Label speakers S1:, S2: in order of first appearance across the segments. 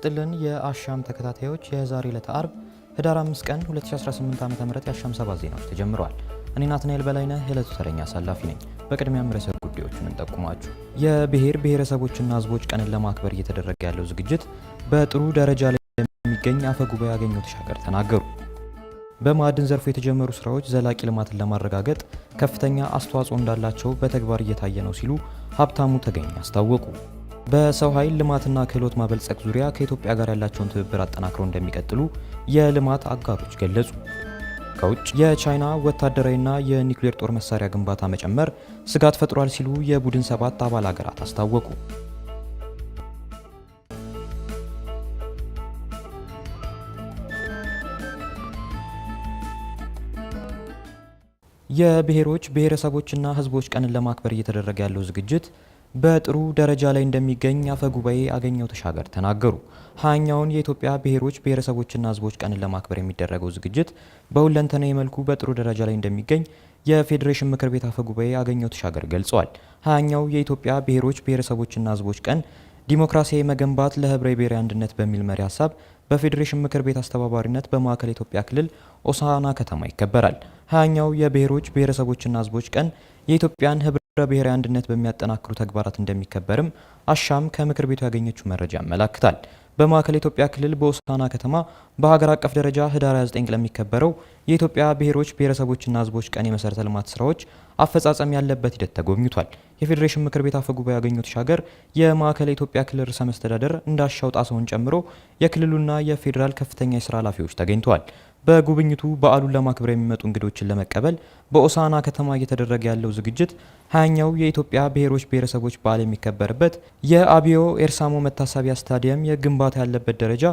S1: ይስጥልን የአሻም ተከታታዮች የዛሬ ዕለተ አርብ ህዳር 5 ቀን 2018 ዓ.ም የአሻም ሰባት ዜናዎች ተጀምረዋል። እኔ ናትናኤል በላይነህ የዕለቱ ተረኛ አሳላፊ ነኝ። በቅድሚያም ርዕሰ ጉዳዮቹን እንጠቁማችሁ። የብሔር ብሔረሰቦችና ህዝቦች ቀንን ለማክበር እየተደረገ ያለው ዝግጅት በጥሩ ደረጃ ላይ እንደሚገኝ አፈ ጉባኤ አገኘሁ ተሻገር ተናገሩ። በማዕድን ዘርፉ የተጀመሩ ስራዎች ዘላቂ ልማትን ለማረጋገጥ ከፍተኛ አስተዋጽኦ እንዳላቸው በተግባር እየታየ ነው ሲሉ ሀብታሙ ተገኝ አስታወቁ። በሰው ኃይል ልማትና ክህሎት ማበልጸግ ዙሪያ ከኢትዮጵያ ጋር ያላቸውን ትብብር አጠናክረው እንደሚቀጥሉ የልማት አጋሮች ገለጹ። ከውጭ የቻይና ወታደራዊና የኒውክሌር ጦር መሳሪያ ግንባታ መጨመር ስጋት ፈጥሯል ሲሉ የቡድን ሰባት አባል አገራት አስታወቁ። የብሔሮች ብሔረሰቦችና ሕዝቦች ቀንን ለማክበር እየተደረገ ያለው ዝግጅት በጥሩ ደረጃ ላይ እንደሚገኝ አፈ ጉባኤ አገኘው ተሻገር ተናገሩ። ሀያኛውን የኢትዮጵያ ብሔሮች ብሔረሰቦችና ሕዝቦች ቀንን ለማክበር የሚደረገው ዝግጅት በሁለንተናዊ መልኩ በጥሩ ደረጃ ላይ እንደሚገኝ የፌዴሬሽን ምክር ቤት አፈ ጉባኤ አገኘው ተሻገር ገልጸዋል። ሀያኛው የኢትዮጵያ ብሔሮች ብሔረሰቦችና ሕዝቦች ቀን ዲሞክራሲያዊ መገንባት ለህብረ ብሔራዊ አንድነት በሚል መሪ ሀሳብ በፌዴሬሽን ምክር ቤት አስተባባሪነት በማዕከል ኢትዮጵያ ክልል ኦሳና ከተማ ይከበራል። ሀያኛው የብሔሮች ብሔረሰቦችና ሕዝቦች ቀን የኢትዮጵያን ህብረ ወደ ብሔራዊ አንድነት በሚያጠናክሩ ተግባራት እንደሚከበርም አሻም ከምክር ቤቱ ያገኘችው መረጃ ያመላክታል። በማዕከል ኢትዮጵያ ክልል በሆሳዕና ከተማ በሀገር አቀፍ ደረጃ ህዳር 29 ለሚከበረው የኢትዮጵያ ብሔሮች ብሔረሰቦችና ህዝቦች ቀን የመሰረተ ልማት ስራዎች አፈጻጸም ያለበት ሂደት ተጎብኝቷል። የፌዴሬሽን ምክር ቤት አፈ ጉባኤ ያገኘሁት ሻገር የማዕከል ኢትዮጵያ ክልል ርዕሰ መስተዳደር እንዳሻው ጣሰውን ጨምሮ የክልሉና የፌዴራል ከፍተኛ የስራ ኃላፊዎች ተገኝተዋል። በጉብኝቱ በዓሉን ለማክበር የሚመጡ እንግዶችን ለመቀበል በኦሳና ከተማ እየተደረገ ያለው ዝግጅት ሀያኛው የኢትዮጵያ ብሔሮች ብሔረሰቦች በዓል የሚከበርበት የአብዮ ኤርሳሞ መታሰቢያ ስታዲየም የግንባታ ያለበት ደረጃ፣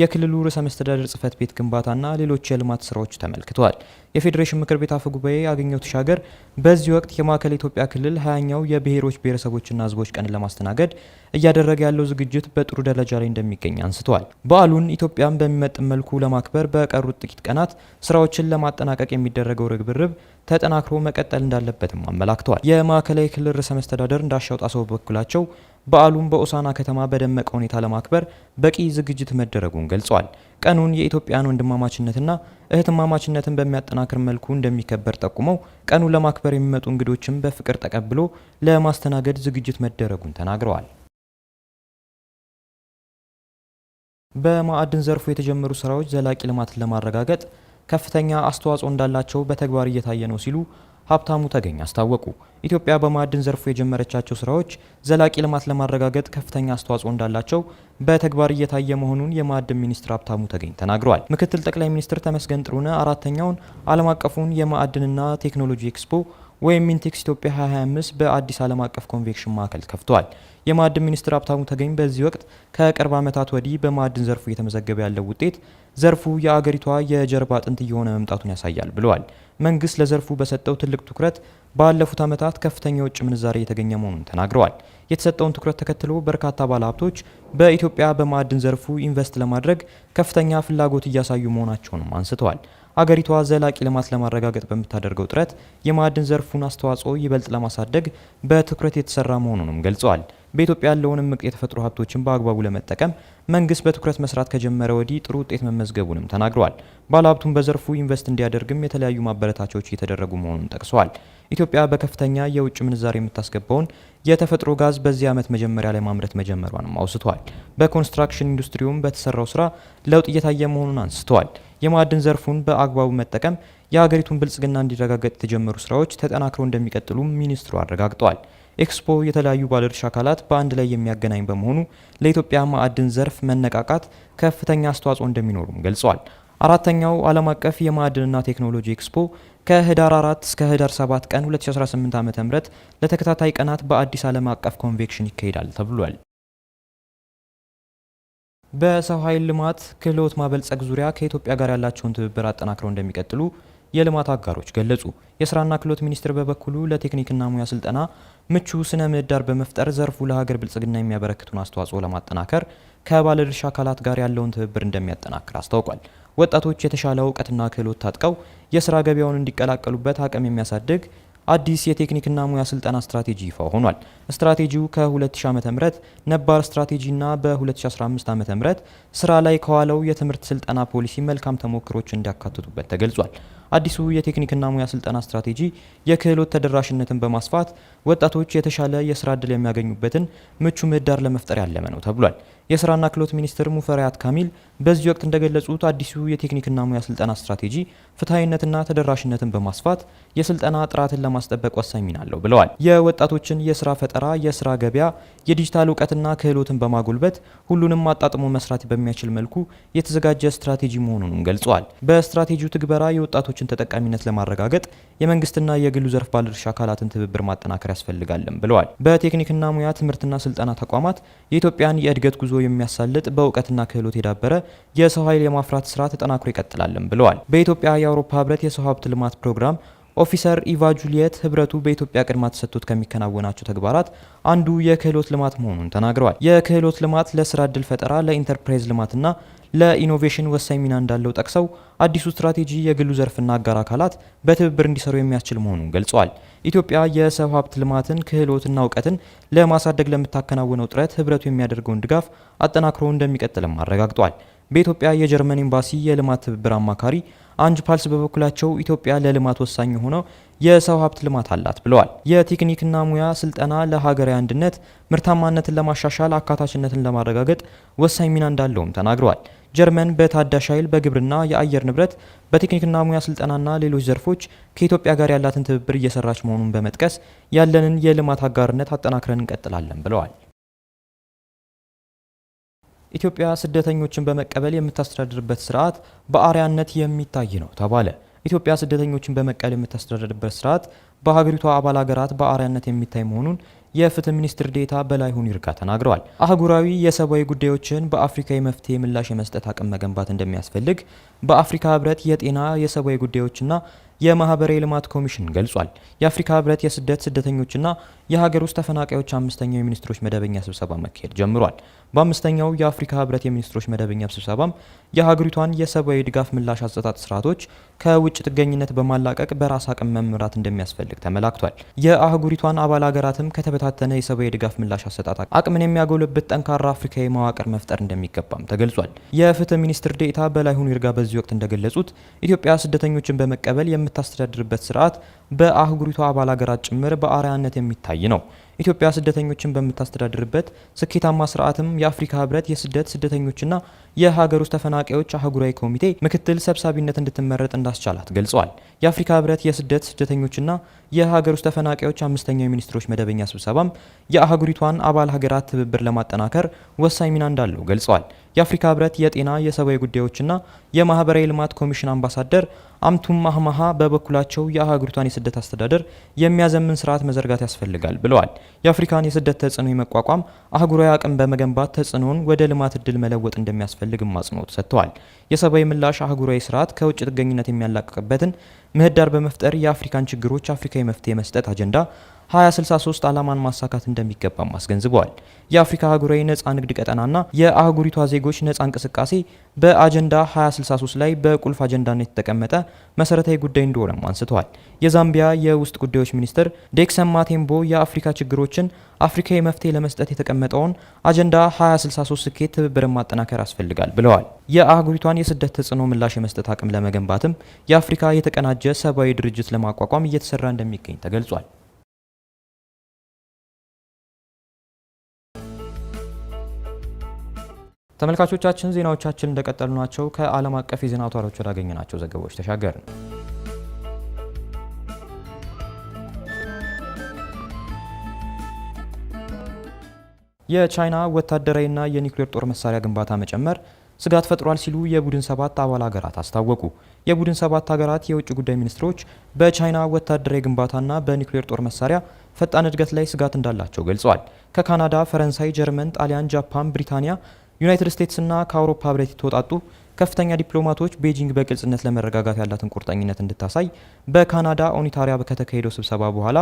S1: የክልሉ ርዕሰ መስተዳደር ጽህፈት ቤት ግንባታና ሌሎች የልማት ስራዎች ተመልክተዋል። የፌዴሬሽን ምክር ቤት አፈ ጉባኤ አገኘሁ ተሻገር በዚህ ወቅት የማዕከል ኢትዮጵያ ክልል ሀያኛው የብሔሮች ብሔረሰቦችና ህዝቦች ቀን ለማስተናገድ እያደረገ ያለው ዝግጅት በጥሩ ደረጃ ላይ እንደሚገኝ አንስተዋል። በዓሉን ኢትዮጵያን በሚመጥን መልኩ ለማክበር በቀሩት ጥቂት ቀናት ስራዎችን ለማጠናቀቅ የሚደረገው ርብርብ ተጠናክሮ መቀጠል እንዳለበትም አመላክተዋል። የማዕከላዊ ክልል ርዕሰ መስተዳደር እንዳሻው ጣሰው በበኩላቸው በዓሉን በኦሳና ከተማ በደመቀ ሁኔታ ለማክበር በቂ ዝግጅት መደረጉን ገልጿል። ቀኑን የኢትዮጵያን ወንድማማችነትና እህትማማችነትን በሚያጠናክር መልኩ እንደሚከበር ጠቁመው ቀኑን ለማክበር የሚመጡ እንግዶችን በፍቅር ተቀብሎ ለማስተናገድ ዝግጅት መደረጉን ተናግረዋል። በማዕድን ዘርፉ የተጀመሩ ስራዎች ዘላቂ ልማትን ለማረጋገጥ ከፍተኛ አስተዋጽኦ እንዳላቸው በተግባር እየታየ ነው ሲሉ ሀብታሙ ተገኝ አስታወቁ። ኢትዮጵያ በማዕድን ዘርፉ የጀመረቻቸው ስራዎች ዘላቂ ልማት ለማረጋገጥ ከፍተኛ አስተዋጽኦ እንዳላቸው በተግባር እየታየ መሆኑን የማዕድን ሚኒስትር ሀብታሙ ተገኝ ተናግረዋል። ምክትል ጠቅላይ ሚኒስትር ተመስገን ጥሩነህ አራተኛውን ዓለም አቀፉን የማዕድንና ቴክኖሎጂ ኤክስፖ ወይም ኢንቴክስ ኢትዮጵያ 2025 በአዲስ ዓለም አቀፍ ኮንቬክሽን ማዕከል ከፍቷል። የማዕድን ሚኒስትር ሀብታሙ ተገኝ በዚህ ወቅት ከቅርብ ዓመታት ወዲህ በማዕድን ዘርፉ እየተመዘገበ ያለው ውጤት ዘርፉ የአገሪቷ የጀርባ አጥንት እየሆነ መምጣቱን ያሳያል ብለዋል። መንግስት ለዘርፉ በሰጠው ትልቅ ትኩረት ባለፉት ዓመታት ከፍተኛ የውጭ ምንዛሬ የተገኘ መሆኑን ተናግረዋል። የተሰጠውን ትኩረት ተከትሎ በርካታ ባለሀብቶች በኢትዮጵያ በማዕድን ዘርፉ ኢንቨስት ለማድረግ ከፍተኛ ፍላጎት እያሳዩ መሆናቸውንም አንስተዋል። አገሪቷ ዘላቂ ልማት ለማረጋገጥ በምታደርገው ጥረት የማዕድን ዘርፉን አስተዋጽኦ ይበልጥ ለማሳደግ በትኩረት የተሰራ መሆኑንም ገልጸዋል። በኢትዮጵያ ያለውን እምቅ የተፈጥሮ ሀብቶችን በአግባቡ ለመጠቀም መንግስት በትኩረት መስራት ከጀመረ ወዲህ ጥሩ ውጤት መመዝገቡንም ተናግረዋል። ባለሀብቱን በዘርፉ ኢንቨስት እንዲያደርግም የተለያዩ ማበረታቻዎች እየተደረጉ መሆኑን ጠቅሰዋል። ኢትዮጵያ በከፍተኛ የውጭ ምንዛሬ የምታስገባውን የተፈጥሮ ጋዝ በዚህ ዓመት መጀመሪያ ላይ ማምረት መጀመሯንም አውስተዋል። በኮንስትራክሽን ኢንዱስትሪውም በተሰራው ስራ ለውጥ እየታየ መሆኑን አንስተዋል። የማዕድን ዘርፉን በአግባቡ መጠቀም የሀገሪቱን ብልጽግና እንዲረጋገጥ የተጀመሩ ስራዎች ተጠናክሮ እንደሚቀጥሉ ሚኒስትሩ አረጋግጠዋል። ኤክስፖ የተለያዩ ባለድርሻ አካላት በአንድ ላይ የሚያገናኝ በመሆኑ ለኢትዮጵያ ማዕድን ዘርፍ መነቃቃት ከፍተኛ አስተዋጽኦ እንደሚኖሩም ገልጸዋል። አራተኛው ዓለም አቀፍ የማዕድንና ቴክኖሎጂ ኤክስፖ ከህዳር 4 እስከ ህዳር 7 ቀን 2018 ዓ.ም ለተከታታይ ቀናት በአዲስ ዓለም አቀፍ ኮንቬክሽን ይካሄዳል ተብሏል። በሰው ኃይል ልማት ክህሎት ማበልጸግ ዙሪያ ከኢትዮጵያ ጋር ያላቸውን ትብብር አጠናክረው እንደሚቀጥሉ የልማት አጋሮች ገለጹ። የስራና ክህሎት ሚኒስቴር በበኩሉ ለቴክኒክና ሙያ ስልጠና ምቹ ስነ ምህዳር በመፍጠር ዘርፉ ለሀገር ብልጽግና የሚያበረክቱን አስተዋጽኦ ለማጠናከር ከባለድርሻ አካላት ጋር ያለውን ትብብር እንደሚያጠናክር አስታውቋል። ወጣቶች የተሻለ እውቀትና ክህሎት ታጥቀው የስራ ገበያውን እንዲቀላቀሉበት አቅም የሚያሳድግ አዲስ የቴክኒክና ሙያ ስልጠና ስትራቴጂ ይፋ ሆኗል። ስትራቴጂው ከ2000 ዓ.ም ነባር ስትራቴጂና በ2015 ዓ.ም ስራ ላይ ከዋለው የትምህርት ስልጠና ፖሊሲ መልካም ተሞክሮች እንዲያካትቱበት ተገልጿል። አዲሱ የቴክኒክና ሙያ ስልጠና ስትራቴጂ የክህሎት ተደራሽነትን በማስፋት ወጣቶች የተሻለ የስራ ዕድል የሚያገኙበትን ምቹ ምህዳር ለመፍጠር ያለመ ነው ተብሏል። የስራና ክህሎት ሚኒስትር ሙፈሪያት ካሚል በዚህ ወቅት እንደገለጹት አዲሱ የቴክኒክና ሙያ ስልጠና ስትራቴጂ ፍትሐዊነትና ተደራሽነትን በማስፋት የስልጠና ጥራትን ለማስጠበቅ ወሳኝ ሚና አለው ብለዋል። የወጣቶችን የስራ ፈጠራ፣ የስራ ገበያ፣ የዲጂታል እውቀትና ክህሎትን በማጎልበት ሁሉንም አጣጥሞ መስራት በሚያስችል መልኩ የተዘጋጀ ስትራቴጂ መሆኑንም ገልጸዋል። በስትራቴጂው ትግበራ የወጣቶች የወጣቶችን ተጠቃሚነት ለማረጋገጥ የመንግስትና የግሉ ዘርፍ ባለድርሻ አካላትን ትብብር ማጠናከር ያስፈልጋልም ብለዋል። በቴክኒክና ሙያ ትምህርትና ስልጠና ተቋማት የኢትዮጵያን የእድገት ጉዞ የሚያሳልጥ በእውቀትና ክህሎት የዳበረ የሰው ኃይል የማፍራት ስራ ተጠናክሮ ይቀጥላልም ብለዋል። በኢትዮጵያ የአውሮፓ ህብረት የሰው ሀብት ልማት ፕሮግራም ኦፊሰር ኢቫ ጁሊየት ህብረቱ በኢትዮጵያ ቅድማ ተሰጥቶት ከሚከናወናቸው ተግባራት አንዱ የክህሎት ልማት መሆኑን ተናግረዋል። የክህሎት ልማት ለስራ እድል ፈጠራ፣ ለኢንተርፕራይዝ ልማትና ለኢኖቬሽን ወሳኝ ሚና እንዳለው ጠቅሰው አዲሱ ስትራቴጂ የግሉ ዘርፍና አጋር አካላት በትብብር እንዲሰሩ የሚያስችል መሆኑን ገልጸዋል። ኢትዮጵያ የሰው ሀብት ልማትን፣ ክህሎትና እውቀትን ለማሳደግ ለምታከናውነው ጥረት ህብረቱ የሚያደርገውን ድጋፍ አጠናክሮ እንደሚቀጥልም አረጋግጧል። በኢትዮጵያ የጀርመን ኤምባሲ የልማት ትብብር አማካሪ አንጅ ፓልስ በበኩላቸው ኢትዮጵያ ለልማት ወሳኝ የሆነው የሰው ሀብት ልማት አላት ብለዋል። የቴክኒክና ሙያ ስልጠና ለሀገራዊ አንድነት፣ ምርታማነትን ለማሻሻል፣ አካታችነትን ለማረጋገጥ ወሳኝ ሚና እንዳለውም ተናግረዋል። ጀርመን በታዳሽ ኃይል፣ በግብርና፣ የአየር ንብረት፣ በቴክኒክና ሙያ ስልጠናና ሌሎች ዘርፎች ከኢትዮጵያ ጋር ያላትን ትብብር እየሰራች መሆኑን በመጥቀስ ያለንን የልማት አጋርነት አጠናክረን እንቀጥላለን ብለዋል። ኢትዮጵያ ስደተኞችን በመቀበል የምታስተዳድርበት ስርዓት በአርያነት የሚታይ ነው ተባለ። ኢትዮጵያ ስደተኞችን በመቀበል የምታስተዳድርበት ስርዓት በሀገሪቷ አባል ሀገራት በአርያነት የሚታይ መሆኑን የፍትህ ሚኒስትር ዴታ በላይሁን ይርጋ ተናግረዋል። አህጉራዊ የሰብአዊ ጉዳዮችን በአፍሪካ የመፍትሄ ምላሽ የመስጠት አቅም መገንባት እንደሚያስፈልግ በአፍሪካ ህብረት የጤና የሰብአዊ ጉዳዮችና የማህበራዊ ልማት ኮሚሽን ገልጿል። የአፍሪካ ህብረት የስደት ስደተኞችና የሀገር ውስጥ ተፈናቃዮች አምስተኛው የሚኒስትሮች መደበኛ ስብሰባ መካሄድ ጀምሯል። በአምስተኛው የአፍሪካ ህብረት የሚኒስትሮች መደበኛ ስብሰባም የሀገሪቷን የሰብአዊ ድጋፍ ምላሽ አሰጣጥ ስርዓቶች ከውጭ ጥገኝነት በማላቀቅ በራስ አቅም መምራት እንደሚያስፈልግ ተመላክቷል። የአህጉሪቷን አባል ሀገራትም ከተበታተነ የሰብአዊ ድጋፍ ምላሽ አሰጣጥ አቅምን የሚያጎለብት ጠንካራ አፍሪካዊ መዋቅር መፍጠር እንደሚገባም ተገልጿል። የፍትህ ሚኒስትር ዴኤታ በላይሁን ይርጋ በዚህ ወቅት እንደገለጹት ኢትዮጵያ ስደተኞችን በመቀበል የምታስተዳድርበት ስርዓት በአህጉሪቷ አባል ሀገራት ጭምር በአርአያነት የሚታይ የሚያሳይ ነው። ኢትዮጵያ ስደተኞችን በምታስተዳድርበት ስኬታማ ስርዓትም የአፍሪካ ህብረት የስደት ስደተኞችና የሀገር ውስጥ ተፈናቃዮች አህጉራዊ ኮሚቴ ምክትል ሰብሳቢነት እንድትመረጥ እንዳስቻላት ገልጿል። የአፍሪካ ህብረት የስደት ስደተኞችና የሀገር ውስጥ ተፈናቃዮች አምስተኛው የሚኒስትሮች መደበኛ ስብሰባም የአህጉሪቷን አባል ሀገራት ትብብር ለማጠናከር ወሳኝ ሚና እንዳለው ገልጿል። የአፍሪካ ህብረት የጤና የሰብአዊ ጉዳዮችና የማህበራዊ ልማት ኮሚሽን አምባሳደር አምቱም ማህማሃ በበኩላቸው የሀገሪቷን የስደት አስተዳደር የሚያዘምን ስርዓት መዘርጋት ያስፈልጋል ብለዋል። የአፍሪካን የስደት ተጽዕኖ የመቋቋም አህጉራዊ አቅም በመገንባት ተጽዕኖውን ወደ ልማት እድል መለወጥ እንደሚያስፈልግም አጽንኦት ሰጥተዋል። የሰብአዊ ምላሽ አህጉራዊ ስርዓት ከውጭ ጥገኝነት የሚያላቅቅበትን ምህዳር በመፍጠር የአፍሪካን ችግሮች አፍሪካዊ መፍትሄ መስጠት አጀንዳ 2063 ዓላማን ማሳካት እንደሚገባም አስገንዝበዋል። የአፍሪካ አህጉራዊ ነጻ ንግድ ቀጠናና የአህጉሪቷ ዜጎች ነጻ እንቅስቃሴ በአጀንዳ 2063 ላይ በቁልፍ አጀንዳነት የተቀመጠ መሰረታዊ ጉዳይ እንደሆነም አንስተዋል። የዛምቢያ የውስጥ ጉዳዮች ሚኒስትር ዴክሰን ማቴምቦ የአፍሪካ ችግሮችን አፍሪካዊ መፍትሄ ለመስጠት የተቀመጠውን አጀንዳ 2063 ስኬት ትብብርን ማጠናከር አስፈልጋል ብለዋል። የአህጉሪቷን የስደት ተጽዕኖ ምላሽ የመስጠት አቅም ለመገንባትም የአፍሪካ የተቀናጀ ሰብአዊ ድርጅት ለማቋቋም እየተሰራ እንደሚገኝ ተገልጿል። ተመልካቾቻችን ዜናዎቻችን እንደቀጠሉ ናቸው። ከዓለም አቀፍ የዜና አውታሮች ወዳገኘናቸው ዘገባዎች ተሻገርን። የቻይና ወታደራዊና የኒውክሌር ጦር መሳሪያ ግንባታ መጨመር ስጋት ፈጥሯል ሲሉ የቡድን ሰባት አባል ሀገራት አስታወቁ። የቡድን ሰባት ሀገራት የውጭ ጉዳይ ሚኒስትሮች በቻይና ወታደራዊ ግንባታና በኒውክሌር ጦር መሳሪያ ፈጣን እድገት ላይ ስጋት እንዳላቸው ገልጸዋል። ከካናዳ፣ ፈረንሳይ፣ ጀርመን፣ ጣሊያን፣ ጃፓን፣ ብሪታንያ ዩናይትድ ስቴትስና ከአውሮፓ ህብረት የተወጣጡ ከፍተኛ ዲፕሎማቶች ቤጂንግ በግልጽነት ለመረጋጋት ያላትን ቁርጠኝነት እንድታሳይ በካናዳ ኦኒታሪያ ከተካሄደው ስብሰባ በኋላ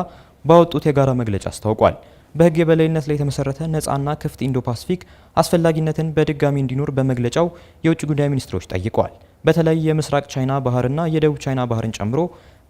S1: ባወጡት የጋራ መግለጫ አስታውቋል። በህግ የበላይነት ላይ የተመሰረተ ነፃና ክፍት ኢንዶ ፓሲፊክ አስፈላጊነትን በድጋሚ እንዲኖር በመግለጫው የውጭ ጉዳይ ሚኒስትሮች ጠይቀዋል። በተለይ የምስራቅ ቻይና ባህርና የደቡብ ቻይና ባህርን ጨምሮ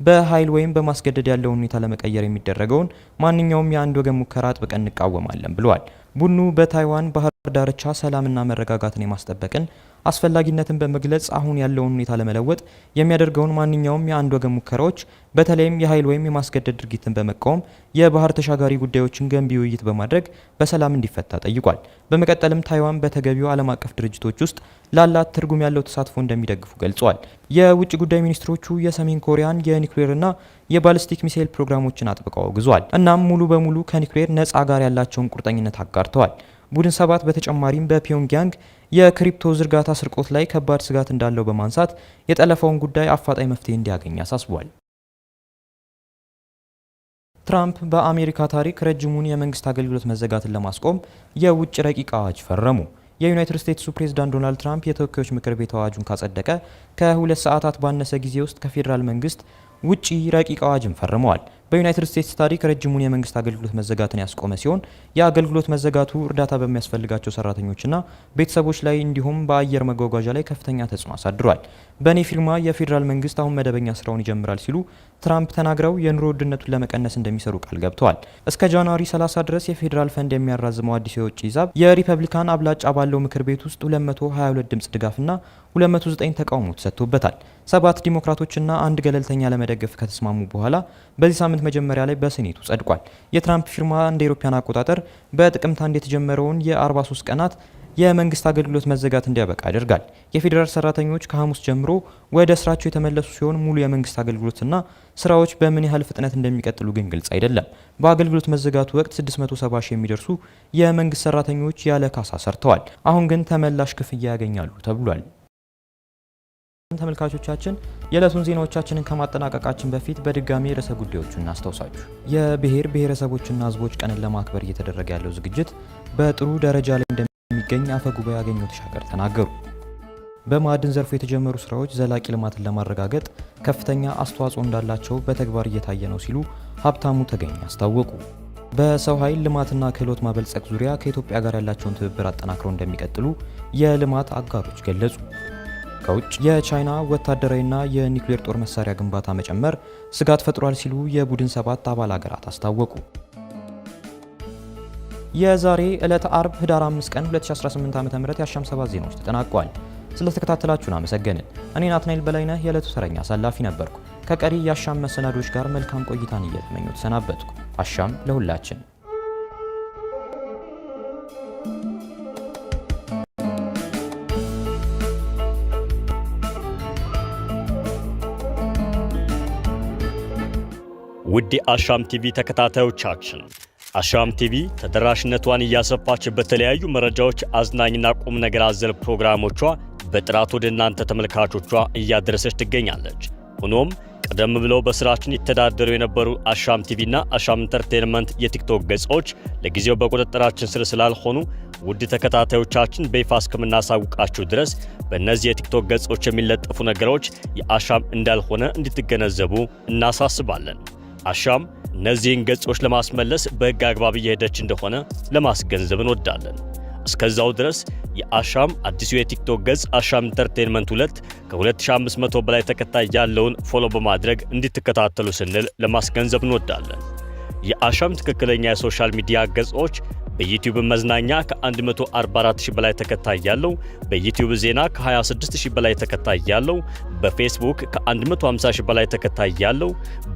S1: በኃይል ወይም በማስገደድ ያለውን ሁኔታ ለመቀየር የሚደረገውን ማንኛውም የአንድ ወገን ሙከራ አጥብቀን እንቃወማለን ብለዋል። ቡድኑ በታይዋን ባህር ዳርቻ ሰላምና መረጋጋትን የማስጠበቅን አስፈላጊነትን በመግለጽ አሁን ያለውን ሁኔታ ለመለወጥ የሚያደርገውን ማንኛውም የአንድ ወገን ሙከራዎች በተለይም የኃይል ወይም የማስገደድ ድርጊትን በመቃወም የባህር ተሻጋሪ ጉዳዮችን ገንቢ ውይይት በማድረግ በሰላም እንዲፈታ ጠይቋል። በመቀጠልም ታይዋን በተገቢው ዓለም አቀፍ ድርጅቶች ውስጥ ላላት ትርጉም ያለው ተሳትፎ እንደሚደግፉ ገልጸዋል። የውጭ ጉዳይ ሚኒስትሮቹ የሰሜን ኮሪያን የኒውክሌርና የባሊስቲክ ሚሳኤል ፕሮግራሞችን አጥብቀው አውግዟል። እናም ሙሉ በሙሉ ከኒውክሌር ነፃ ጋር ያላቸውን ቁርጠኝነት አጋርተዋል። ቡድን ሰባት በተጨማሪም በፒዮንግያንግ የክሪፕቶ ዝርጋታ ስርቆት ላይ ከባድ ስጋት እንዳለው በማንሳት የጠለፋውን ጉዳይ አፋጣኝ መፍትሄ እንዲያገኝ አሳስቧል። ትራምፕ በአሜሪካ ታሪክ ረጅሙን የመንግስት አገልግሎት መዘጋትን ለማስቆም የውጭ ረቂቅ አዋጅ ፈረሙ። የዩናይትድ ስቴትሱ ፕሬዝዳንት ዶናልድ ትራምፕ የተወካዮች ምክር ቤት አዋጁን ካጸደቀ ከሁለት ሰዓታት ባነሰ ጊዜ ውስጥ ከፌዴራል መንግስት ውጪ ረቂቅ አዋጅን ፈርመዋል። በዩናይትድ ስቴትስ ታሪክ ረጅሙን የመንግስት አገልግሎት መዘጋትን ያስቆመ ሲሆን የአገልግሎት መዘጋቱ እርዳታ በሚያስፈልጋቸው ሰራተኞችና ቤተሰቦች ላይ እንዲሁም በአየር መጓጓዣ ላይ ከፍተኛ ተጽዕኖ አሳድሯል። በእኔ ፊርማ የፌዴራል መንግስት አሁን መደበኛ ስራውን ይጀምራል ሲሉ ትራምፕ ተናግረው የኑሮ ውድነቱን ለመቀነስ እንደሚሰሩ ቃል ገብተዋል። እስከ ጃንዋሪ 30 ድረስ የፌዴራል ፈንድ የሚያራዝመው አዲስ የውጭ ሂሳብ የሪፐብሊካን አብላጫ ባለው ምክር ቤት ውስጥ 222 ድምፅ ድጋፍና 209 ተቃውሞ ተሰጥቶበታል። ሰባት ዲሞክራቶችና አንድ ገለልተኛ ለመደገፍ ከተስማሙ በኋላ በዚህ ሳምንት መጀመሪያ ላይ በሴኔቱ ጸድቋል። የትራምፕ ፊርማ እንደ አውሮፓውያን አቆጣጠር በጥቅምት አንድ የተጀመረውን የ43 ቀናት የመንግስት አገልግሎት መዘጋት እንዲያበቃ ያደርጋል። የፌዴራል ሰራተኞች ከሐሙስ ጀምሮ ወደ ስራቸው የተመለሱ ሲሆን ሙሉ የመንግስት አገልግሎትና ስራዎች በምን ያህል ፍጥነት እንደሚቀጥሉ ግን ግልጽ አይደለም። በአገልግሎት መዘጋቱ ወቅት 670 ሺህ የሚደርሱ የመንግስት ሰራተኞች ያለ ካሳ ሰርተዋል። አሁን ግን ተመላሽ ክፍያ ያገኛሉ ተብሏል። ተመልካቾቻችን የዕለቱን ዜናዎቻችንን ከማጠናቀቃችን በፊት በድጋሚ ርዕሰ ጉዳዮቹ እናስታውሳችሁ። የብሔር ብሔረሰቦችና ሕዝቦች ቀንን ለማክበር እየተደረገ ያለው ዝግጅት በጥሩ ደረጃ ላይ እንደሚገኝ አፈ ጉባኤ አገኘሁ ተሻገር ተናገሩ። በማዕድን ዘርፉ የተጀመሩ ስራዎች ዘላቂ ልማትን ለማረጋገጥ ከፍተኛ አስተዋጽኦ እንዳላቸው በተግባር እየታየ ነው ሲሉ ሀብታሙ ተገኝ አስታወቁ። በሰው ኃይል ልማትና ክህሎት ማበልጸግ ዙሪያ ከኢትዮጵያ ጋር ያላቸውን ትብብር አጠናክረው እንደሚቀጥሉ የልማት አጋሮች ገለጹ። ከውጭ የቻይና ወታደራዊና የኒውክሌር ጦር መሳሪያ ግንባታ መጨመር ስጋት ፈጥሯል ሲሉ የቡድን ሰባት አባል አገራት አስታወቁ። የዛሬ ዕለት አርብ ህዳር 5 ቀን 2018 ዓ.ም የአሻም ሰባት ዜናዎች ተጠናቋል። ስለተከታተላችሁን አመሰገንን። እኔ ናትናኤል በላይነህ የዕለቱ ተረኛ አሳላፊ ነበርኩ። ከቀሪ የአሻም መሰናዶች ጋር መልካም ቆይታን እየተመኙ ተሰናበትኩ። አሻም ለሁላችን!
S2: ውድ የአሻም ቲቪ ተከታታዮቻችን አሻም ቲቪ ተደራሽነቷን እያሰፋች በተለያዩ መረጃዎች አዝናኝና ቁም ነገር አዘል ፕሮግራሞቿ በጥራት ወደ እናንተ ተመልካቾቿ እያደረሰች ትገኛለች። ሆኖም ቀደም ብለው በስራችን ይተዳደሩ የነበሩ አሻም ቲቪና አሻም ኢንተርቴንመንት የቲክቶክ ገጾች ለጊዜው በቁጥጥራችን ስር ስላልሆኑ ውድ ተከታታዮቻችን በይፋ እስከምናሳውቃችሁ ድረስ በእነዚህ የቲክቶክ ገጾች የሚለጠፉ ነገሮች የአሻም እንዳልሆነ እንድትገነዘቡ እናሳስባለን። አሻም እነዚህን ገጾች ለማስመለስ በሕግ አግባብ እየሄደች እንደሆነ ለማስገንዘብ እንወዳለን። እስከዛው ድረስ የአሻም አዲሱ የቲክቶክ ገጽ አሻም ኢንተርቴንመንት 2 ከ2500 በላይ ተከታይ ያለውን ፎሎ በማድረግ እንድትከታተሉ ስንል ለማስገንዘብ እንወዳለን። የአሻም ትክክለኛ የሶሻል ሚዲያ ገጾች በዩቲዩብ መዝናኛ ከ144000 በላይ ተከታይ ያለው፣ በዩቲዩብ ዜና ከ26000 በላይ ተከታይ ያለው፣ በፌስቡክ ከ150000 በላይ ተከታይ ያለው፣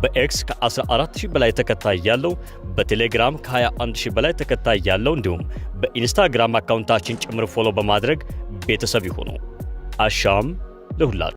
S2: በኤክስ ከ14000 በላይ ተከታይ ያለው፣ በቴሌግራም ከ21000 በላይ ተከታይ ያለው እንዲሁም በኢንስታግራም አካውንታችን ጭምር ፎሎ በማድረግ ቤተሰብ ይሁኑ። አሻም ለሁላችሁ!